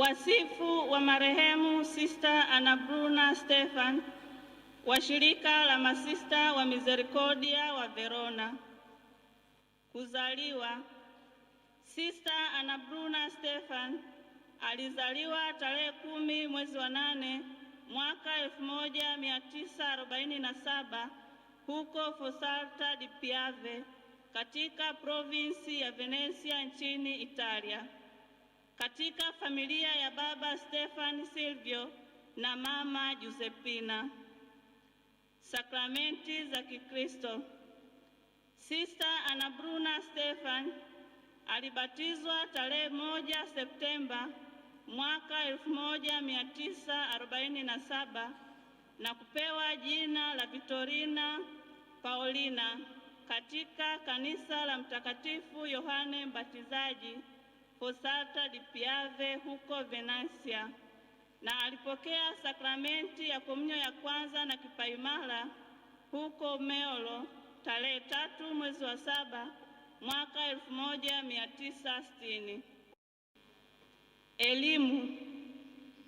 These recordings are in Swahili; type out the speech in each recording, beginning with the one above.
wasifu wa marehemu sister Anabruna Stefan wa shirika la masista wa Misericordia wa Verona. Kuzaliwa: sister Anabruna Stefan alizaliwa tarehe kumi mwezi wa nane mwaka 1947 huko Fossalta di Piave katika provinsi ya Venesia nchini Italia katika familia ya baba Stefan Silvio na mama Josepina. Sakramenti za Kikristo. sister Ana Bruna Stefan alibatizwa tarehe moja Septemba mwaka 1947 na kupewa jina la Victorina Paulina katika kanisa la Mtakatifu Yohane Mbatizaji hosata Di Piave huko Venezia na alipokea sakramenti ya komunyo ya kwanza na kipaimara huko Meolo tarehe tatu mwezi wa saba mwaka 1960. Elimu.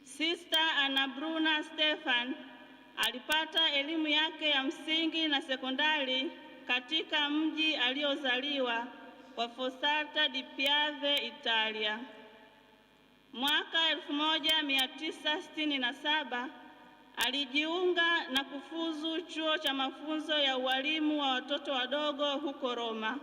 Sister Anna Bruna Stefan alipata elimu yake ya msingi na sekondari katika mji aliozaliwa Fossata di Piave, Italia. Mwaka 1967 alijiunga na kufuzu chuo cha mafunzo ya ualimu wa watoto wadogo huko Roma.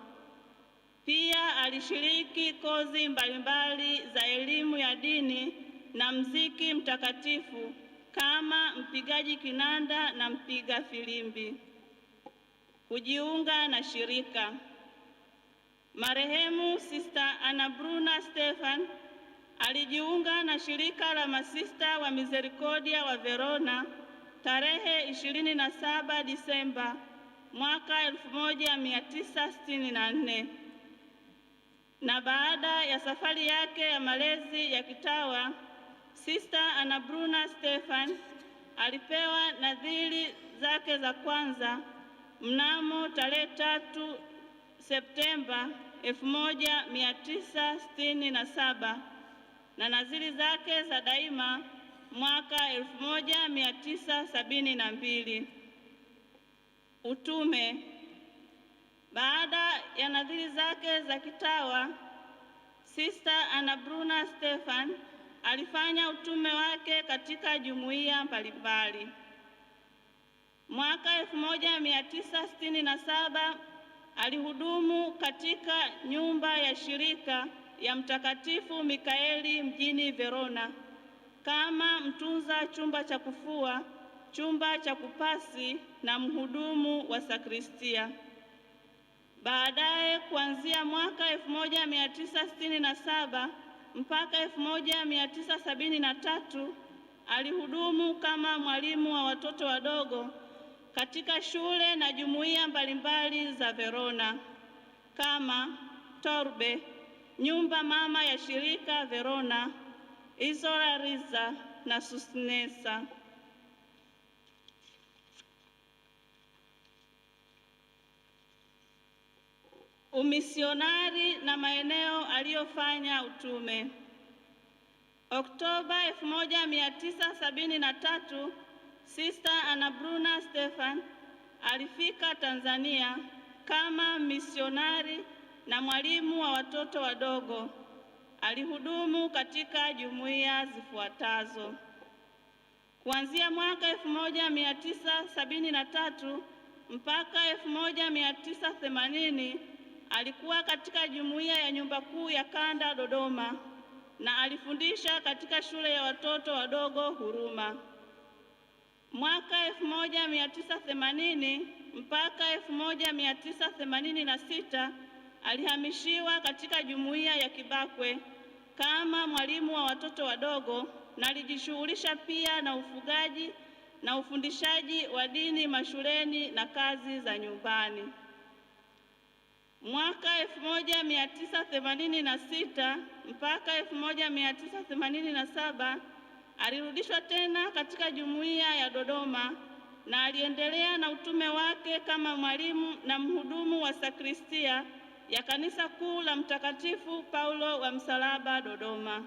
Pia alishiriki kozi mbalimbali za elimu ya dini na mziki mtakatifu kama mpigaji kinanda na mpiga filimbi. Kujiunga na shirika Marehemu Sister Anna Bruna Stefan alijiunga na shirika la masista wa Misericordia wa Verona tarehe 27 Disemba mwaka 1964 na baada ya safari yake ya malezi ya kitawa Sister Anna Bruna Stefan alipewa nadhiri zake za kwanza mnamo tarehe tatu Septemba 1967 na naziri zake za daima mwaka 1972. Utume. Baada ya nadhiri zake za kitawa, Sister Ana Bruna Stefan alifanya utume wake katika jumuiya mbalimbali. Mwaka 1967 Alihudumu katika nyumba ya shirika ya Mtakatifu Mikaeli mjini Verona kama mtunza chumba cha kufua, chumba cha kupasi na mhudumu wa sakristia. Baadaye kuanzia mwaka 1967 mpaka 1973 alihudumu kama mwalimu wa watoto wadogo katika shule na jumuiya mbalimbali za Verona kama Torbe, nyumba mama ya shirika Verona, Isola Riza na Susnesa. Umisionari na maeneo aliyofanya utume. Oktoba 1973 Sister Anna Bruna Stefan alifika Tanzania kama misionari na mwalimu wa watoto wadogo. Alihudumu katika jumuiya zifuatazo: kuanzia mwaka 1973 mpaka 1980 alikuwa katika jumuiya ya nyumba kuu ya kanda Dodoma, na alifundisha katika shule ya watoto wadogo Huruma. Mwaka 1980 mpaka 1986 alihamishiwa katika jumuiya ya Kibakwe kama mwalimu wa watoto wadogo na alijishughulisha pia na ufugaji na ufundishaji wa dini mashuleni na kazi za nyumbani. Mwaka 1986 mpaka 1987 Alirudishwa tena katika jumuiya ya Dodoma na aliendelea na utume wake kama mwalimu na mhudumu wa sakristia ya kanisa kuu la Mtakatifu Paulo wa Msalaba Dodoma.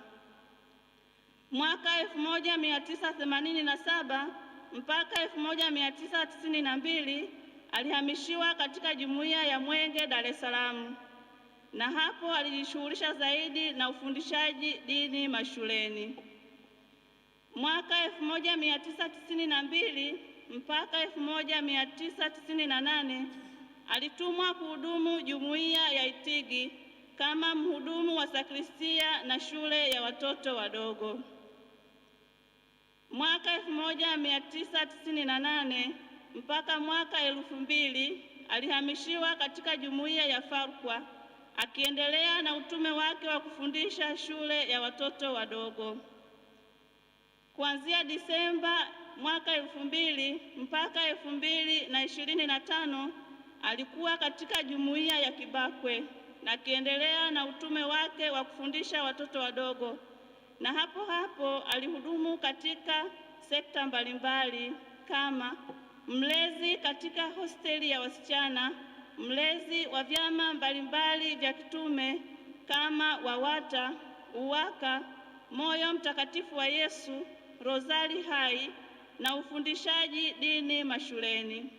Mwaka 1987 mpaka 1992 alihamishiwa katika jumuiya ya Mwenge Dar es Salaam, na hapo alijishughulisha zaidi na ufundishaji dini mashuleni. Mwaka 1992 mpaka 1998 alitumwa kuhudumu jumuiya ya Itigi kama mhudumu wa sakristia na shule ya watoto wadogo. Mwaka 1998 mpaka mwaka elfu mbili alihamishiwa katika jumuiya ya Farkwa akiendelea na utume wake wa kufundisha shule ya watoto wadogo kuanzia Disemba mwaka elfu mbili mpaka elfu mbili na ishirini na tano alikuwa katika jumuiya ya Kibakwe na akiendelea na utume wake wa kufundisha watoto wadogo, na hapo hapo alihudumu katika sekta mbalimbali kama mlezi katika hosteli ya wasichana, mlezi wa vyama mbalimbali vya kitume kama WAWATA, UWAKA, Moyo Mtakatifu wa Yesu rozari hai na ufundishaji dini mashuleni.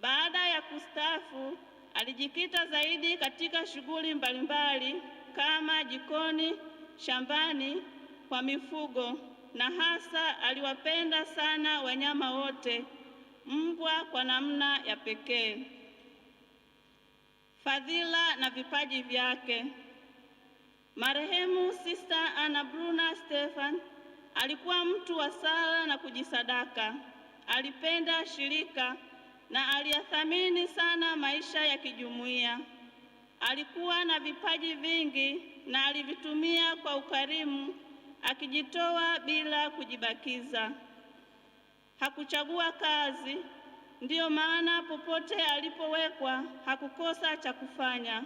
Baada ya kustaafu, alijikita zaidi katika shughuli mbalimbali kama jikoni, shambani kwa mifugo na hasa aliwapenda sana wanyama wote, mbwa kwa namna ya pekee. Fadhila na vipaji vyake. Marehemu Sister Anna Bruna Stefan Alikuwa mtu wa sala na kujisadaka, alipenda shirika na aliyathamini sana maisha ya kijumuiya. Alikuwa na vipaji vingi na alivitumia kwa ukarimu, akijitoa bila kujibakiza. Hakuchagua kazi, ndiyo maana popote alipowekwa hakukosa cha kufanya.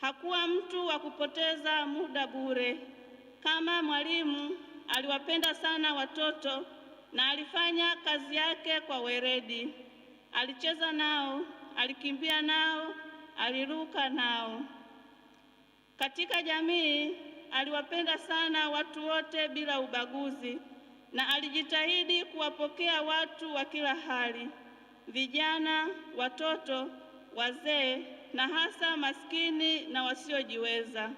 Hakuwa mtu wa kupoteza muda bure. Kama mwalimu aliwapenda sana watoto na alifanya kazi yake kwa weledi. Alicheza nao, alikimbia nao, aliruka nao. Katika jamii aliwapenda sana watu wote bila ubaguzi na alijitahidi kuwapokea watu wa kila hali, vijana, watoto, wazee na hasa maskini na wasiojiweza.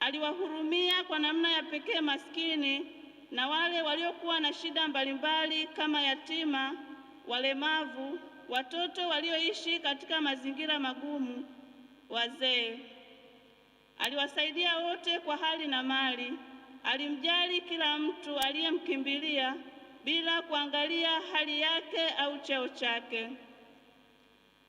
Aliwahurumia kwa namna ya pekee maskini na wale waliokuwa na shida mbalimbali kama yatima, walemavu, watoto walioishi katika mazingira magumu, wazee. Aliwasaidia wote kwa hali na mali. Alimjali kila mtu aliyemkimbilia bila kuangalia hali yake au cheo chake.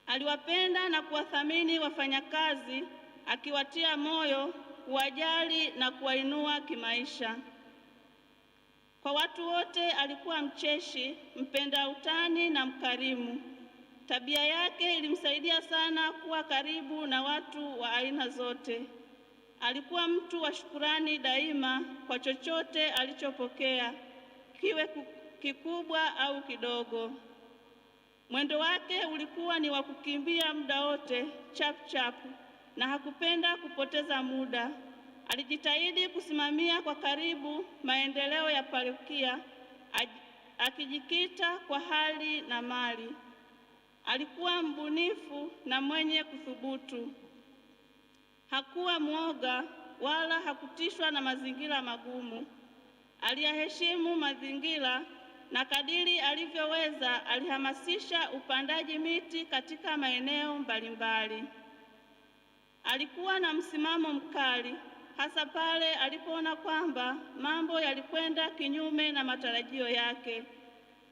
Aliwapenda na kuwathamini wafanyakazi, akiwatia moyo kuwajali na kuwainua kimaisha. Kwa watu wote alikuwa mcheshi, mpenda utani na mkarimu. Tabia yake ilimsaidia sana kuwa karibu na watu wa aina zote. Alikuwa mtu wa shukurani daima kwa chochote alichopokea, kiwe kikubwa au kidogo. Mwendo wake ulikuwa ni wa kukimbia muda wote chap chap na hakupenda kupoteza muda. Alijitahidi kusimamia kwa karibu maendeleo ya parokia akijikita kwa hali na mali. Alikuwa mbunifu na mwenye kuthubutu. Hakuwa mwoga wala hakutishwa na mazingira magumu. Aliyaheshimu mazingira na kadiri alivyoweza alihamasisha upandaji miti katika maeneo mbalimbali. Alikuwa na msimamo mkali hasa pale alipoona kwamba mambo yalikwenda kinyume na matarajio yake,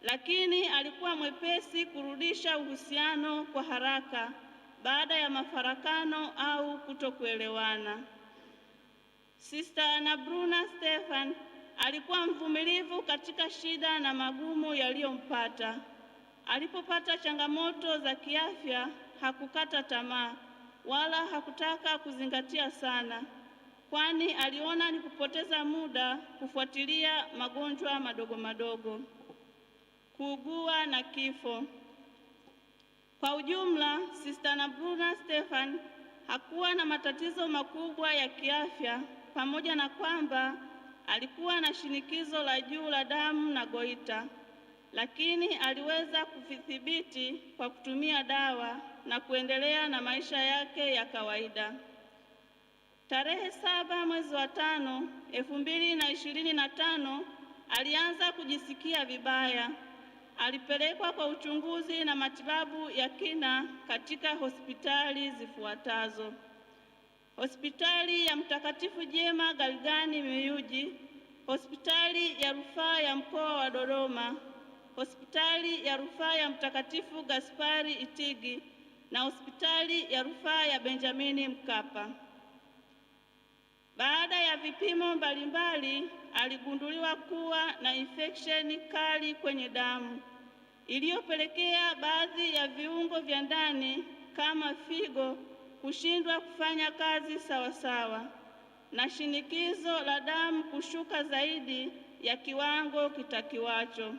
lakini alikuwa mwepesi kurudisha uhusiano kwa haraka baada ya mafarakano au kutokuelewana. Sista Nabruna Stefan alikuwa mvumilivu katika shida na magumu yaliyompata. Alipopata changamoto za kiafya hakukata tamaa wala hakutaka kuzingatia sana, kwani aliona ni kupoteza muda kufuatilia magonjwa madogo madogo, kuugua na kifo. Kwa ujumla, Sister Nabruna Stefan hakuwa na matatizo makubwa ya kiafya, pamoja na kwamba alikuwa na shinikizo la juu la damu na goita lakini aliweza kuvithibiti kwa kutumia dawa na kuendelea na maisha yake ya kawaida. Tarehe saba mwezi wa tano elfu mbili na ishirini na tano alianza kujisikia vibaya. Alipelekwa kwa uchunguzi na matibabu ya kina katika hospitali zifuatazo: hospitali ya Mtakatifu Jema Galgani Miyuji, hospitali ya rufaa ya mkoa wa Dodoma hospitali ya rufaa ya Mtakatifu Gaspari Itigi na hospitali ya rufaa ya Benjamini Mkapa. Baada ya vipimo mbalimbali, aligunduliwa kuwa na infeksheni kali kwenye damu iliyopelekea baadhi ya viungo vya ndani kama figo kushindwa kufanya kazi sawasawa na shinikizo la damu kushuka zaidi ya kiwango kitakiwacho.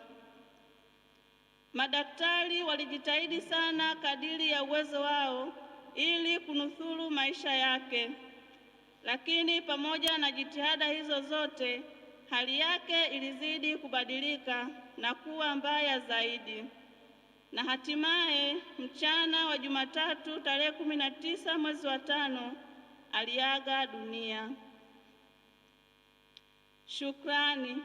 Madaktari walijitahidi sana kadiri ya uwezo wao ili kunusuru maisha yake, lakini pamoja na jitihada hizo zote, hali yake ilizidi kubadilika na kuwa mbaya zaidi, na hatimaye mchana wa Jumatatu tarehe kumi na tisa mwezi wa tano aliaga dunia. Shukrani.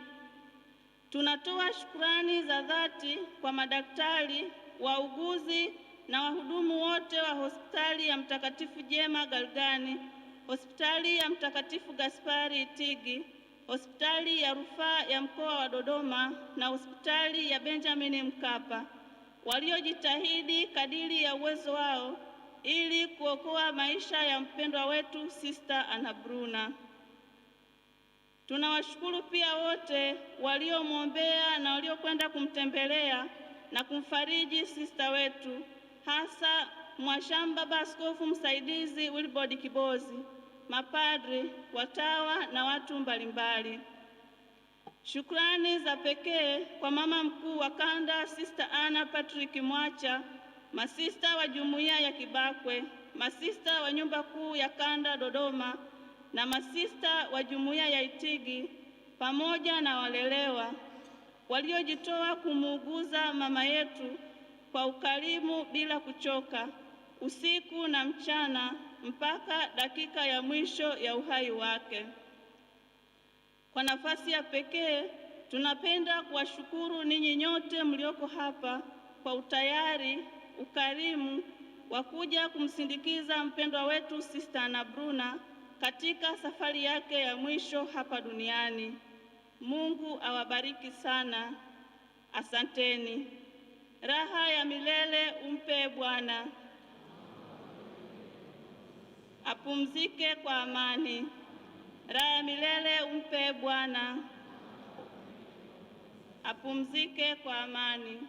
Tunatoa shukrani za dhati kwa madaktari, wauguzi na wahudumu wote wa hospitali ya Mtakatifu Jema Galgani, hospitali ya Mtakatifu Gaspari Itigi, hospitali ya rufaa ya mkoa wa Dodoma na hospitali ya Benjamin Mkapa waliojitahidi kadiri ya uwezo wao ili kuokoa maisha ya mpendwa wetu Sister Anna Bruna. Tunawashukuru pia wote waliomwombea na waliokwenda kumtembelea na kumfariji sista wetu, hasa Mwashamba Baskofu Msaidizi Wilbard Kibozi, mapadri, watawa na watu mbalimbali. Shukrani za pekee kwa mama mkuu wa kanda Sister Anna Patrick Mwacha, masista wa jumuiya ya Kibakwe, masista wa nyumba kuu ya kanda Dodoma na masista wa jumuiya ya Itigi pamoja na walelewa waliojitoa kumuuguza mama yetu kwa ukarimu bila kuchoka, usiku na mchana, mpaka dakika ya mwisho ya uhai wake. Kwa nafasi ya pekee, tunapenda kuwashukuru ninyi nyote mlioko hapa kwa utayari, ukarimu wa kuja kumsindikiza mpendwa wetu Sista na Bruna katika safari yake ya mwisho hapa duniani. Mungu awabariki sana. Asanteni. Raha ya milele umpe Bwana, apumzike kwa amani. Raha ya milele umpe Bwana, apumzike kwa amani.